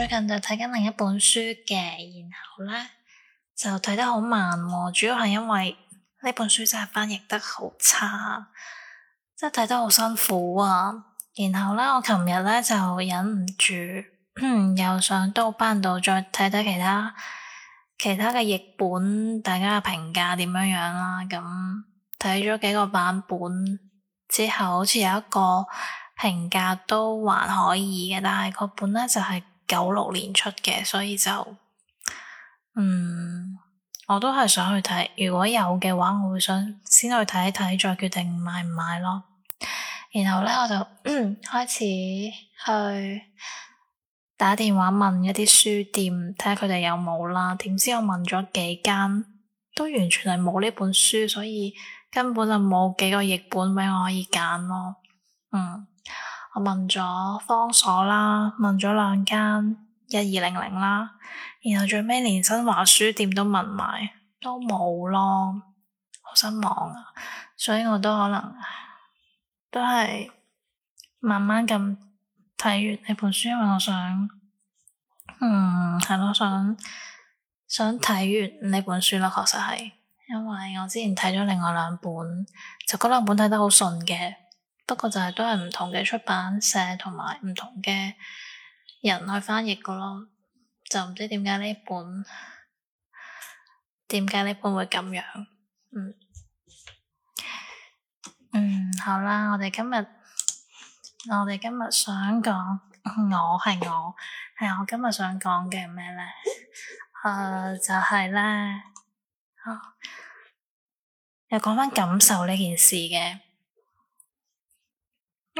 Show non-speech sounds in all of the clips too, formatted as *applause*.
最近就睇緊另一本書嘅，然後呢，就睇得好慢，主要係因為呢本書真係翻譯得好差，真係睇得好辛苦啊。然後呢，我琴日呢，就忍唔住 *coughs* 又上豆瓣度再睇睇其他其他嘅譯本，大家嘅評價點樣樣、啊、啦。咁睇咗幾個版本之後，好似有一個評價都還可以嘅，但係個本呢，就係、是。九六年出嘅，所以就嗯，我都係想去睇，如果有嘅話，我會想先去睇一睇，再決定買唔買咯。然後咧，我就、嗯、開始去打電話問一啲書店，睇下佢哋有冇啦。點知我問咗幾間，都完全係冇呢本書，所以根本就冇幾個譯本俾我可以揀咯。嗯。我問咗方所啦，問咗兩間一二零零啦，1200，然後最尾連新華書店都問埋，都冇咯，好失望啊！所以我都可能都係慢慢咁睇完呢本書，因為我想，嗯，係咯，想想睇完呢本書啦，確實係，因為我之前睇咗另外兩本，就嗰兩本睇得好順嘅。不過就係都係唔同嘅出版社同埋唔同嘅人去翻譯噶咯，就唔知點解呢本點解呢本會咁樣？嗯嗯，好啦，我哋今日我哋今日想講我係我係我今日想講嘅咩咧？誒、uh, 就係，就係咧，又講返感受呢件事嘅。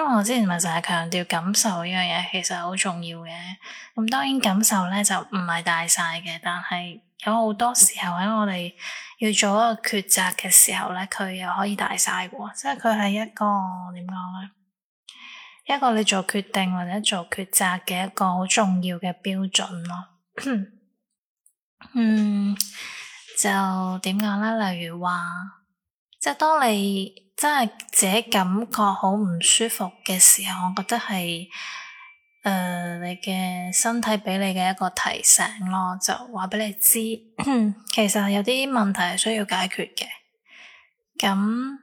因為我之前咪成日強調感受呢樣嘢，其實好重要嘅。咁當然感受咧就唔係大晒嘅，但係有好多時候喺我哋要做一個抉擇嘅時候咧，佢又可以大晒嘅，即係佢係一個點講咧？一個你做決定或者做抉擇嘅一個好重要嘅標準咯。 *laughs* 嗯，就點講咧？例如話。即係當你真係自己感覺好唔舒服嘅時候，我覺得係誒、呃、你嘅身體俾你嘅一個提醒咯，就話俾你知，其實有啲問題係需要解決嘅。咁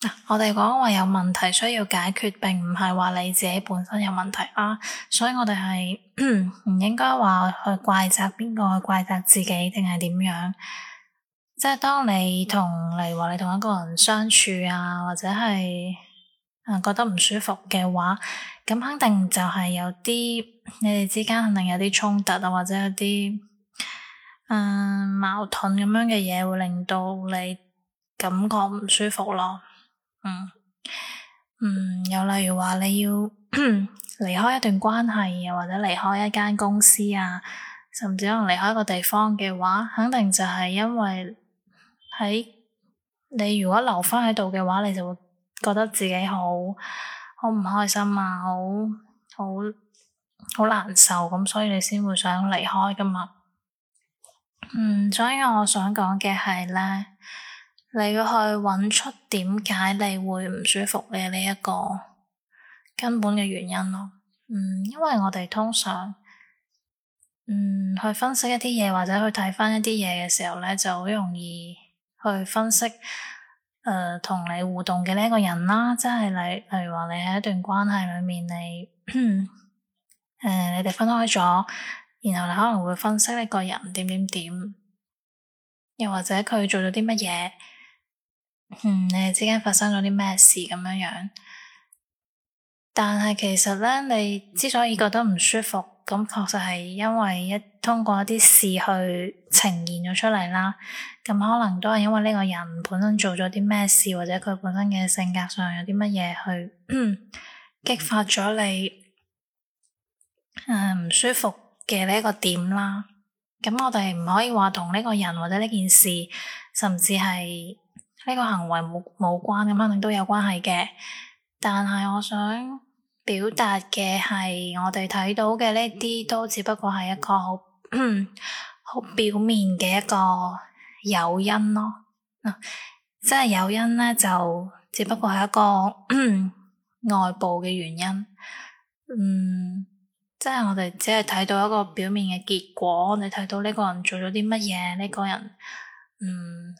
嗱，我哋講話有問題需要解決，並唔係話你自己本身有問題啊，所以我哋係唔應該話去怪責邊個，去怪責自己定係點樣？即係當你同例如話你同一個人相處啊，或者係啊覺得唔舒服嘅話，咁肯定就係有啲，你哋之間肯定有啲衝突啊，或者有啲、呃、矛盾咁樣嘅嘢，會令到你感覺唔舒服咯、啊。嗯嗯，又例如話你要離 *coughs* 開一段關係、啊，又或者離開一間公司啊，甚至可能離開一個地方嘅話，肯定就係因為。喺你如果留翻喺度嘅話，你就會覺得自己好好唔開心啊，好好好難受咁，所以你先會想離開噶嘛。嗯，所以我想講嘅係咧，你要去揾出點解你會唔舒服嘅呢一個根本嘅原因咯。嗯，因為我哋通常嗯去分析一啲嘢，或者去睇翻一啲嘢嘅時候咧，就好容易。去分析，誒、呃、同你互動嘅呢一個人啦、啊，即係你，例如話你喺一段關係裏面，你誒、呃、你哋分開咗，然後你可能會分析呢個人點點點，又或者佢做咗啲乜嘢，嗯，你哋之間發生咗啲咩事咁樣樣。但係其實咧，你之所以覺得唔舒服。咁確實係因為一通過一啲事去呈現咗出嚟啦，咁可能都係因為呢個人本身做咗啲咩事，或者佢本身嘅性格上有啲乜嘢去 *coughs* 激發咗你誒、呃、唔舒服嘅呢一個點啦。咁我哋唔可以話同呢個人或者呢件事，甚至係呢個行為冇冇關，咁肯定都有關係嘅，但係我想。表達嘅係我哋睇到嘅，呢啲，都只不過係一個好 *coughs* 表面嘅一個誘因咯。嗱，即係誘因呢，就只不過係一個 *coughs* 外部嘅原因。嗯，即係我哋只係睇到一個表面嘅結果，你睇到呢個人做咗啲乜嘢，呢、這個人嗯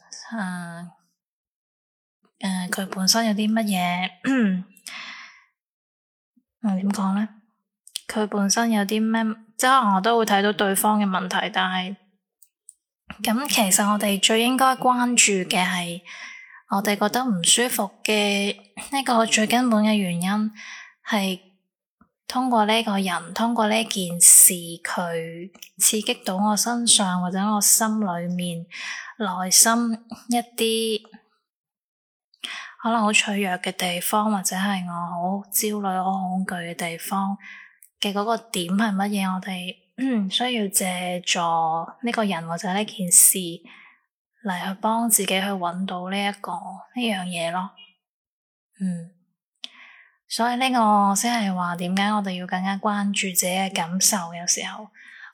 誒誒，佢、啊啊、本身有啲乜嘢？ *coughs* 唔點講咧？佢本身有啲咩，即係我都會睇到對方嘅問題，但係咁其實我哋最應該關注嘅係我哋覺得唔舒服嘅呢個最根本嘅原因係通過呢個人，通過呢件事，佢刺激到我身上或者我心裏面內心一啲。可能好脆弱嘅地方，或者係我好焦慮、好恐懼嘅地方嘅嗰個點係乜嘢？我哋需要借助呢個人或者呢件事嚟去幫自己去揾到呢、這、一個呢樣嘢咯。嗯，所以呢個先係話點解我哋要更加關注自己嘅感受。有時候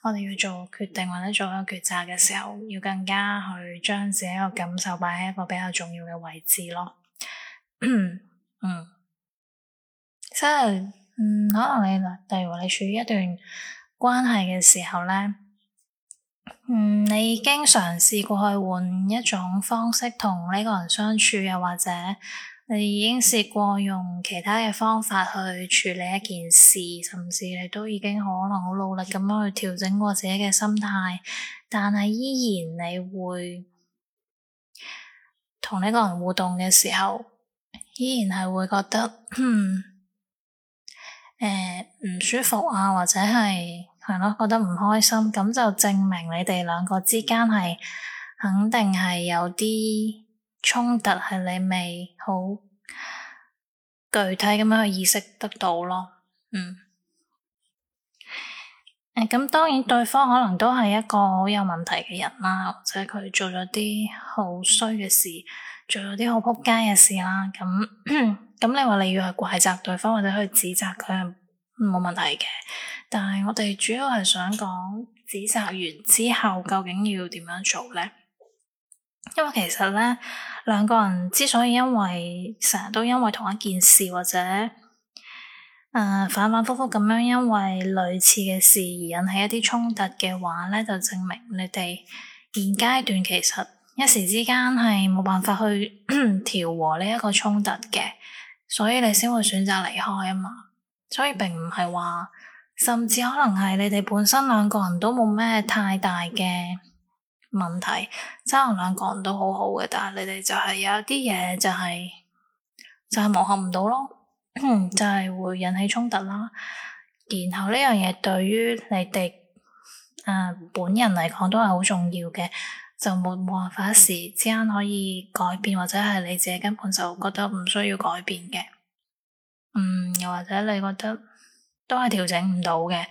我哋要做決定或者做一個抉擇嘅時候，要更加去將自己個感受擺喺一個比較重要嘅位置咯。 *coughs* 嗯，即係嗯，可能你，例如你處於一段關係嘅時候咧，嗯，你已經嘗試過去換一種方式同呢個人相處，又或者你已經試過用其他嘅方法去處理一件事，甚至你都已經可能好努力咁樣去調整過自己嘅心態，但係依然你會同呢個人互動嘅時候，依然係會覺得，嗯、呃、唔舒服啊，或者係係咯，覺得唔開心，咁就證明你哋兩個之間係肯定係有啲衝突，係你未好具體咁樣去意識得到咯。嗯，誒咁當然對方可能都係一個好有問題嘅人啦，或者佢做咗啲好衰嘅事。做咗啲好仆街嘅事啦，咁咁 *coughs* 你話你要去怪責對方或者去指責佢係冇問題嘅，但係我哋主要係想講指責完之後究竟要點樣做咧？因為其實咧，兩個人之所以因為成日都因為同一件事或者誒、呃、反反复复咁樣因為類似嘅事而引起一啲衝突嘅話咧，就證明你哋現階段其實。一時之間係冇辦法去調 *coughs* 和呢一個衝突嘅，所以你先會選擇離開啊嘛。所以並唔係話，甚至可能係你哋本身兩個人都冇咩太大嘅問題，真係兩個人都好好嘅，但係你哋就係有啲嘢就係、是、就係磨合唔到咯， *coughs* 就係、是、會引起衝突啦。然後呢樣嘢對於你哋誒、呃、本人嚟講都係好重要嘅。就冇冇辦法一時之間可以改變，或者係你自己根本就覺得唔需要改變嘅，嗯，又或者你覺得都係調整唔到嘅，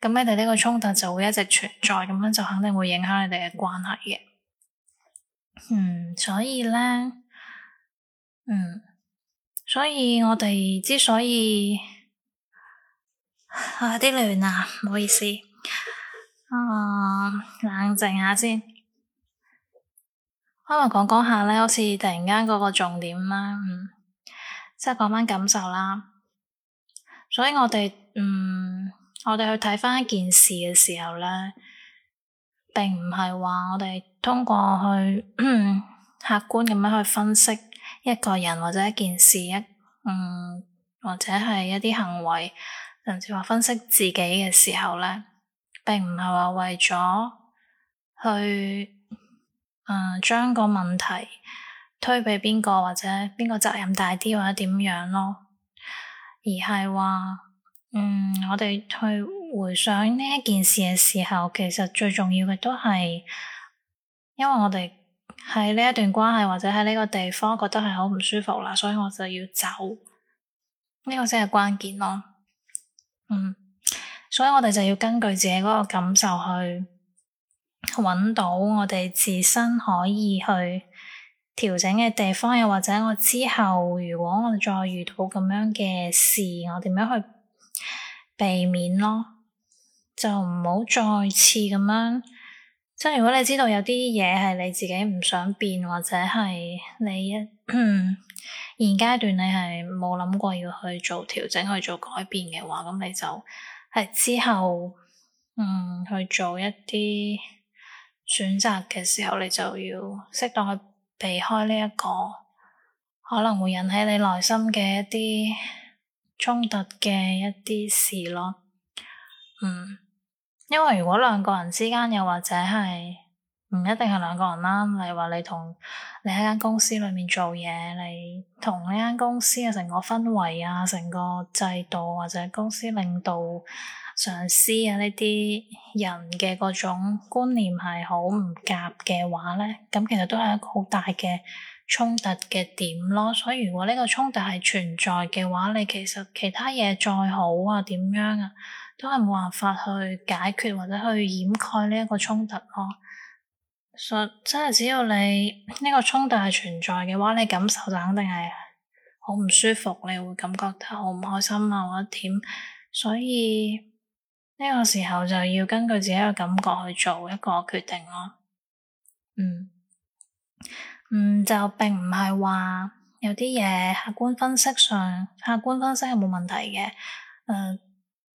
咁你哋呢個衝突就會一直存在，咁樣就肯定會影響你哋嘅關係嘅，嗯，所以咧，嗯，所以我哋之所以啊啲亂啊，唔好意思，啊、嗯，冷靜下先。今日講講下咧，好似突然間嗰個重點啦，嗯，即係講翻感受啦。所以我哋，嗯，我哋去睇翻一件事嘅時候咧，並唔係話我哋通過去 *coughs* 客觀咁樣去分析一個人或者一件事一，嗯，或者係一啲行為，甚至話分析自己嘅時候咧，並唔係話為咗去。誒，將、嗯、個問題推俾邊個或者邊個責任大啲，或者點樣咯？而係話，嗯，我哋去回想呢一件事嘅時候，其實最重要嘅都係，因為我哋喺呢一段關係或者喺呢個地方覺得係好唔舒服啦，所以我就要走，呢、這個先係關鍵咯。嗯，所以我哋就要根據自己嗰個感受去。揾到我哋自身可以去調整嘅地方，又或者我之後如果我再遇到咁樣嘅事，我點樣去避免咯？就唔好再次咁樣。即係如果你知道有啲嘢係你自己唔想變，或者係你一 *coughs* 現階段你係冇諗過要去做調整、去做改變嘅話，咁你就係之後嗯去做一啲。選擇嘅時候，你就要適當去避開呢一個可能會引起你內心嘅一啲衝突嘅一啲事咯。嗯，因為如果兩個人之間，又或者係唔一定係兩個人啦，例如話你同你喺間公司裏面做嘢，你同呢間公司嘅成個氛圍啊，成個制度或者公司領導。上司啊，呢啲人嘅嗰種觀念係好唔夾嘅話咧，咁其實都係一個好大嘅衝突嘅點咯。所以如果呢個衝突係存在嘅話，你其實其他嘢再好啊，點樣啊，都係冇辦法去解決或者去掩蓋呢一個衝突咯。所以真係只要你呢個衝突係存在嘅話，你感受就肯定係好唔舒服，你會感覺得好唔開心啊，或者點，所以。呢個時候就要根據自己嘅感覺去做一個決定咯，嗯。嗯，嗯就並唔係話有啲嘢，客觀分析上客觀分析係冇問題嘅。嗯、呃，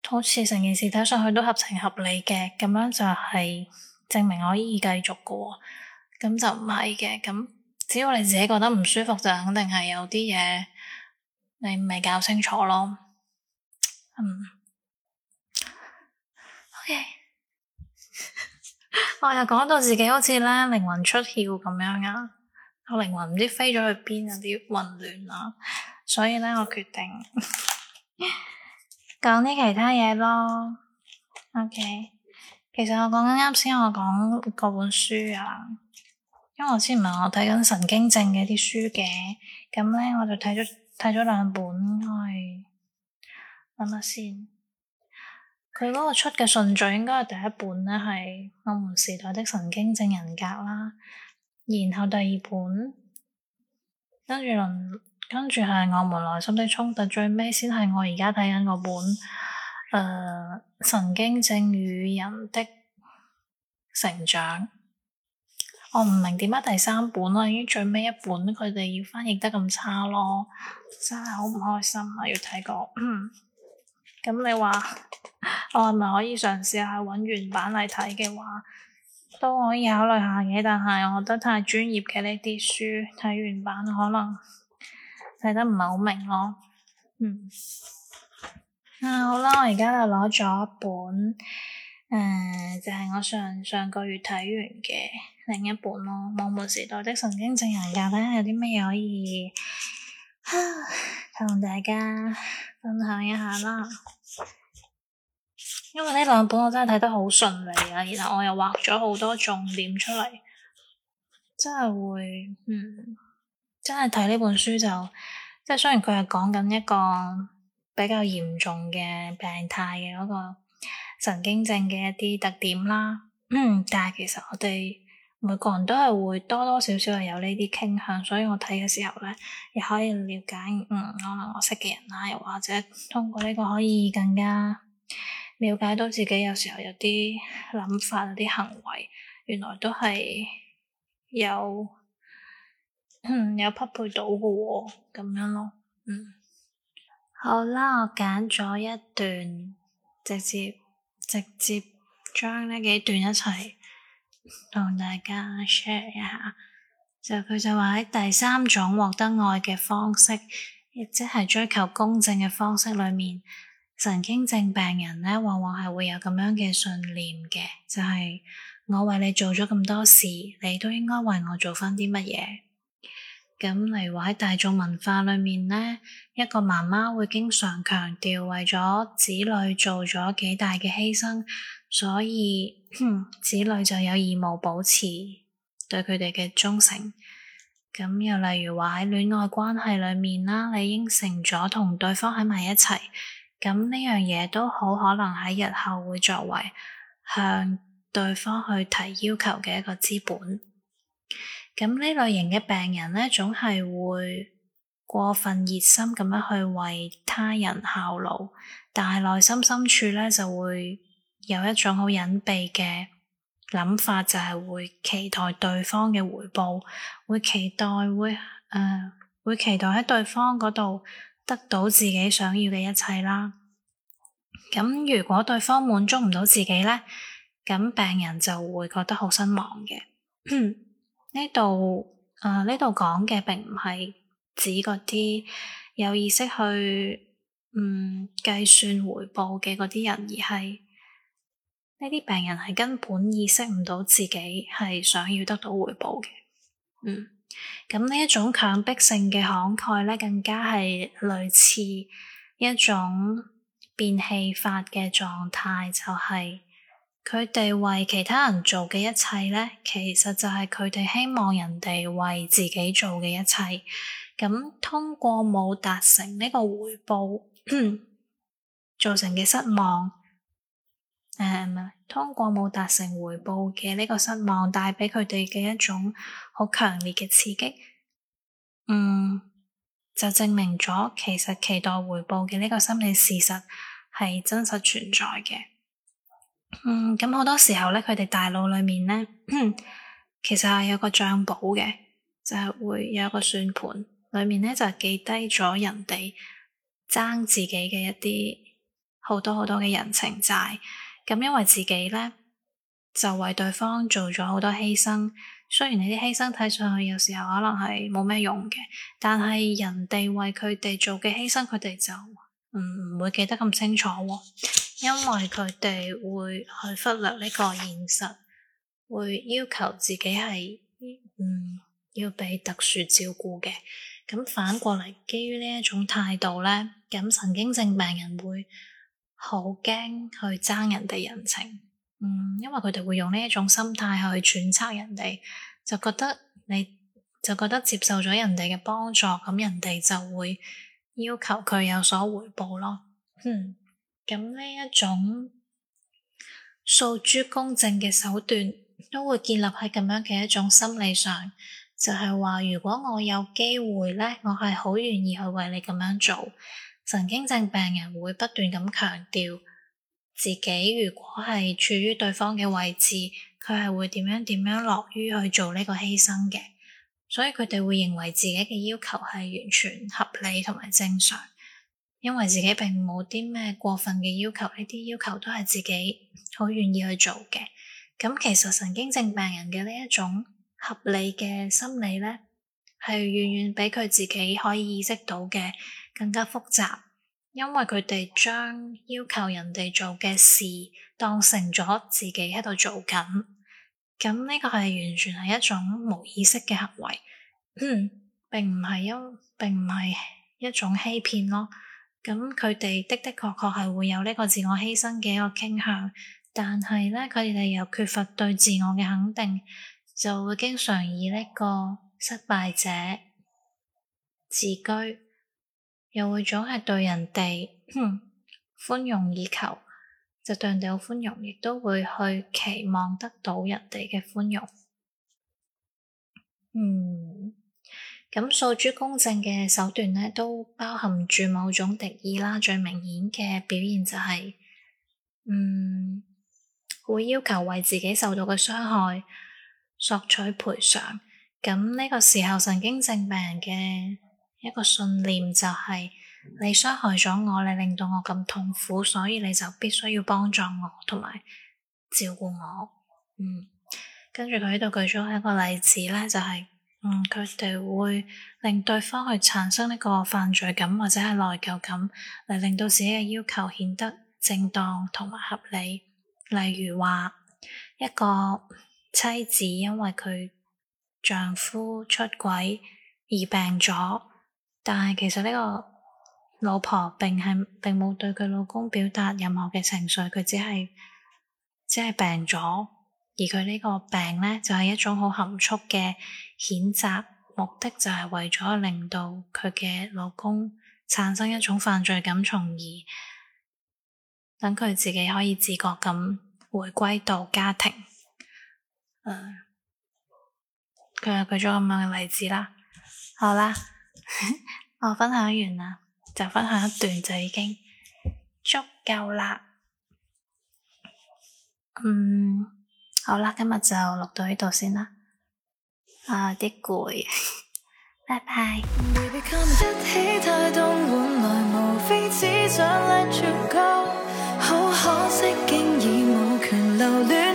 好似成件事睇上去都合情合理嘅，咁樣就係證明我可以繼續嘅。咁就唔係嘅。咁只要你自己覺得唔舒服，就肯定係有啲嘢你唔係搞清楚咯。嗯。Okay. *laughs* 我又講到自己好似咧靈魂出竅咁樣啊，我靈魂唔知飛咗去邊，有啲混亂啊，所以咧我決定講啲 *laughs* 其他嘢咯。OK，其實我講緊啱先我講嗰本書啊，因為我之前唔係我睇緊神經症嘅啲書嘅，咁咧我就睇咗睇咗兩本去諗下先。想佢嗰個出嘅順序應該係第一本咧，係《我們時代的神經症人格》啦，然後第二本，跟住跟住係《我們內心的衝突》，最尾先係我而家睇緊嗰本，誒、呃《神經症與人的成長》。我唔明點解第三本啊，已經最尾一本，佢哋要翻譯得咁差咯，真係好唔開心啊！要睇個。 *coughs* 咁你話我係咪可以嘗試下揾原版嚟睇嘅話，都可以考慮下嘅。但係我覺得太專業嘅呢啲書睇原版可能睇得唔係好明咯、嗯。嗯，好啦，我而家就攞咗一本，誒、呃、就係、是、我上上個月睇完嘅另一本咯，《幕末時代的神經症人格》咧，有啲咩嘢可以同大家分享一下啦～因為呢兩本我真係睇得好順利啊，然後我又畫咗好多重點出嚟，真係會，嗯，真係睇呢本書就即係雖然佢係講緊一個比較嚴重嘅病態嘅嗰個神經症嘅一啲特點啦，嗯，但係其實我哋每個人都係會多多少少係有呢啲傾向，所以我睇嘅時候咧，又可以了解嗯，可能我識嘅人啦，又或者通過呢個可以更加。了解到自己有時候有啲諗法啊，啲行為原來都係有有匹配到嘅喎，咁樣咯，嗯。好啦，我揀咗一段，直接直接將呢幾段一齊同大家 share 一下。就佢就話喺第三種獲得愛嘅方式，亦即係追求公正嘅方式裏面。神經症病人咧，往往係會有咁樣嘅信念嘅，就係、是、我為你做咗咁多事，你都應該為我做翻啲乜嘢。咁例如話喺大眾文化裏面咧，一個媽媽會經常強調，為咗子女做咗幾大嘅犧牲，所以哼子女就有義務保持對佢哋嘅忠誠。咁又例如話喺戀愛關係裏面啦，你應承咗同對方喺埋一齊。咁呢樣嘢都好可能喺日後會作為向對方去提要求嘅一個資本。咁呢類型嘅病人呢，總係會過分熱心咁樣去為他人效勞，但係內心深處呢，就會有一種好隱秘嘅諗法，就係、是、會期待對方嘅回報，會期待會誒、呃、會期待喺對方嗰度。得到自己想要嘅一切啦。咁如果對方滿足唔到自己咧，咁病人就會覺得好失望嘅。呢度誒，呢度講嘅並唔係指嗰啲有意識去嗯，計算回報嘅嗰啲人，而係呢啲病人係根本意識唔到自己係想要得到回報嘅。嗯。咁呢一種強迫性嘅慷慨咧，更加係類似一種變戲法嘅狀態，就係佢哋為其他人做嘅一切咧，其實就係佢哋希望人哋為自己做嘅一切。咁通過冇達成呢個回報， *coughs* 造成嘅失望。誒，um, 通過冇達成回報嘅呢個失望帶俾佢哋嘅一種好強烈嘅刺激，嗯，就證明咗其實期待回報嘅呢個心理事實係真實存在嘅。嗯，咁好多時候咧，佢哋大腦裏面咧，其實係有個賬簿嘅，就係會有一個算盤，裏面咧就係記低咗人哋爭自己嘅一啲好多好多嘅人情債。咁因為自己咧就為對方做咗好多犧牲，雖然你啲犧牲睇上去有時候可能係冇咩用嘅，但係人哋為佢哋做嘅犧牲，佢哋就唔會記得咁清楚，哦，因為佢哋會去忽略呢個現實，會要求自己係嗯要畀特殊照顧嘅。咁反過嚟，基於呢一種態度咧，咁神經症病人會。好驚去爭人哋人情，嗯，因為佢哋會用呢一種心態去揣測人哋，就覺得你就覺得接受咗人哋嘅幫助，咁人哋就會要求佢有所回報咯。嗯，咁呢一種訴諸公正嘅手段，都會建立喺咁樣嘅一種心理上，就係話如果我有機會咧，我係好願意去為你咁樣做。神經症病人會不斷咁強調自己如果係處於對方嘅位置，佢係會點樣點樣樂於去做呢個犧牲嘅，所以佢哋會認為自己嘅要求係完全合理同埋正常，因為自己並冇啲咩過分嘅要求，呢啲要求都係自己好願意去做嘅。咁其實神經症病人嘅呢一種合理嘅心理咧。係遠遠比佢自己可以意識到嘅更加複雜，因為佢哋將要求人哋做嘅事當成咗自己喺度做緊，咁呢個係完全係一種冇意識嘅行為，嗯、並唔係因並唔係一種欺騙咯。咁佢哋的的確確係會有呢個自我犧牲嘅一個傾向，但係咧，佢哋又缺乏對自我嘅肯定，就會經常以呢個。失敗者自居，又會總係對人哋寬容以求，就對人哋好寬容，亦都會去期望得到人哋嘅寬容。嗯，咁訴諸公正嘅手段呢，都包含住某種敵意啦。最明顯嘅表現就係，嗯，會要求為自己受到嘅傷害索取賠償。咁呢個時候，神經症病人嘅一個信念就係、是、你傷害咗我，你令到我咁痛苦，所以你就必須要幫助我同埋照顧我。嗯，跟住佢喺度舉咗一個例子咧，就係、是、嗯佢哋會令對方去產生呢個犯罪感或者係內疚感嚟，令到自己嘅要求顯得正當同埋合理。例如話一個妻子，因為佢。丈夫出軌而病咗，但係其實呢個老婆並係並冇對佢老公表達任何嘅情緒，佢只係只係病咗，而佢呢個病咧就係一種好含蓄嘅譴責，目的就係為咗令到佢嘅老公產生一種犯罪感，從而等佢自己可以自覺咁回歸到家庭。嗯佢就舉咗咁樣嘅例子啦，好啦， *laughs* 我分享完啦，就分享一段就已經足夠啦。嗯，好啦，今日就錄到呢度先啦，啊，啲攰， *laughs* 拜拜。 *music*